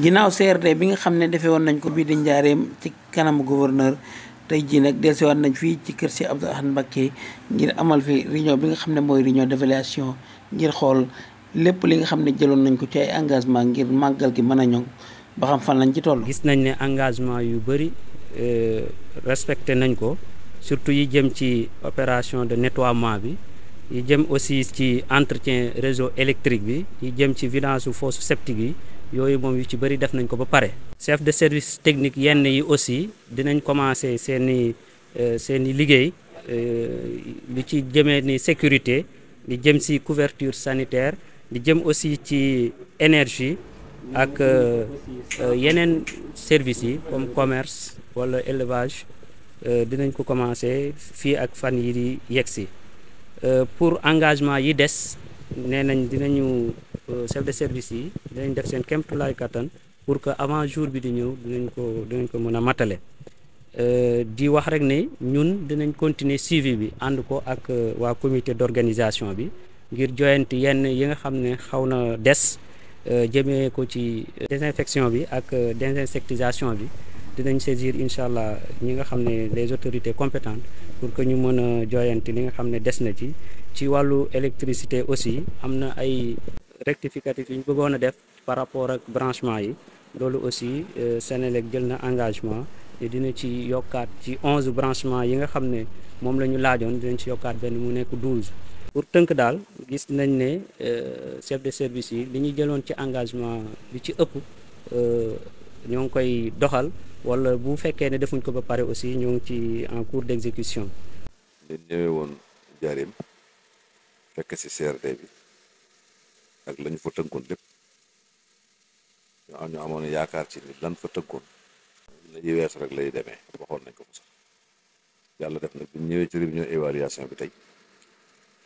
ginnaaw CRD bi nga xam ne defee woon nañ ko bii di njaareem ci kanamu gouverneur tey jii nag dellusiwaat nañ fii ci kër si Abdou Ahad Mbacké ngir amal fi réunion bi nga xam ne mooy réunion d'évaluation ngir xool lépp li nga xam ne jëloon nañ ko ci ay engagement ngir màggal gi mën a ñoŋ ba xam fan lañ ci toll. gis nañ ne engagement yu bëri euh, respecté nañ ko surtout yi jëm ci opération de nettoiement bi yi jëm aussi ci entretien réseau électrique bi yi jëm ci vidange su fosse septique yi. yooyu moom yu ci bëri def nañ ko ba pare chef de service technique yenn yi aussi dinañ commencé seen i euh, seen i liggéey euh, li ci jëmee ni sécurité li jëm si couverture sanitaire li jëm aussi ci énergie ak euh, yeneen service yi comme commerce wala élevage dinañ ko commencé fii ak fan yi di yegg si pour engagement yi des nee dinañu Euh, chef de service yi dinañ def seen kéemtulaay kattan pour que avant jour bi di ñëw dinañ ko dinañ ko mën a matale euh, di wax rek ni ñun dinañ continuer suivi bi ànd ko ak euh, waa comité d'organisation bi ngir joyante yenn yi nga xam ne xaw na des jëme ko ci désinfection bi ak désinsectisation bi dinañ saisir incha allah ñi nga xam ne les autorités compétentes pour que ñu mën a li nga xam ne des na ci ci wàllu électricité aussi am na ay rectificatif yi ñu bëggoon a def par rapport ak branchement yi loolu aussi euh, Senelec jël na engagement te dina ci yokkaat ci onze branchement yi nga xam ne moom la ñu laajoon dinañ ci yokkaat benn mu nekk douze. pour tënk daal gis nañ ne euh, chef de service yi li ñu jëloon ci engagement bi ci ëpp euh, ñoo ngi koy doxal wala bu fekkee ne defuñ ko ba pare aussi ñoo ngi ci en cours d'exécution. dañ ñëwee woon Jarim fekk ci CRD bi. ak lañu fa tënkoon lépp ñu amoon yaakaar ci ni lan fa tënkoon lañuy weesu rek lay demee waxoon nañ ko ko sax yàlla def nag bi ñu ñëwee ci réunion évaluation bi tey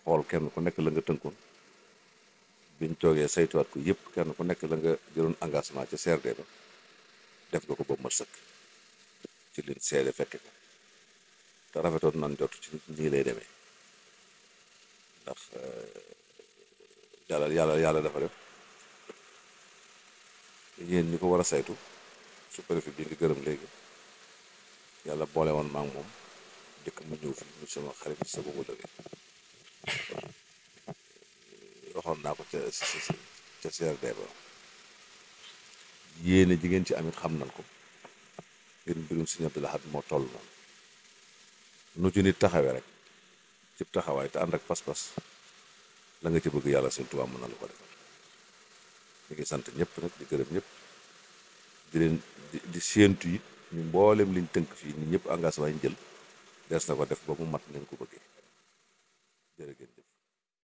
xool kenn ku nekk la nga tënkoon biñ toogee saytuwaat ko yëpp kenn ku nekk la nga jëloon engagement ca CRD ba def nga ko ba mat sëkk ci liñ seede fekke ko te rafetoon nan jot ci nii lay demee ndax euh, yàlla yàlla yàlla dafa def yéen ñi ko war a saytu su préfet bi nga gërëm léegi yàlla boole woon maa ngi moom njëkk mu ñëw fi mu sama xarit sama wëllëre waxoon naa ko ca ca CRD ba yéene ji ngeen ci amit xam nañ ko ngeen mbirum Sëñ Abdou Lahad moo toll noonu nu ci nit taxawee rek cib taxawaay te ànd ak pas-pas la nga ci bëgg yàlla suñ tubaab mën na la ko defal mu ngi sant ñëpp nag di gërëm ñëpp di leen di séentu yi ñu mboolem liñ tënk fii ñun ñëpp engagement yi ñu jël des na ko def ba mu mat nañ ko bëggee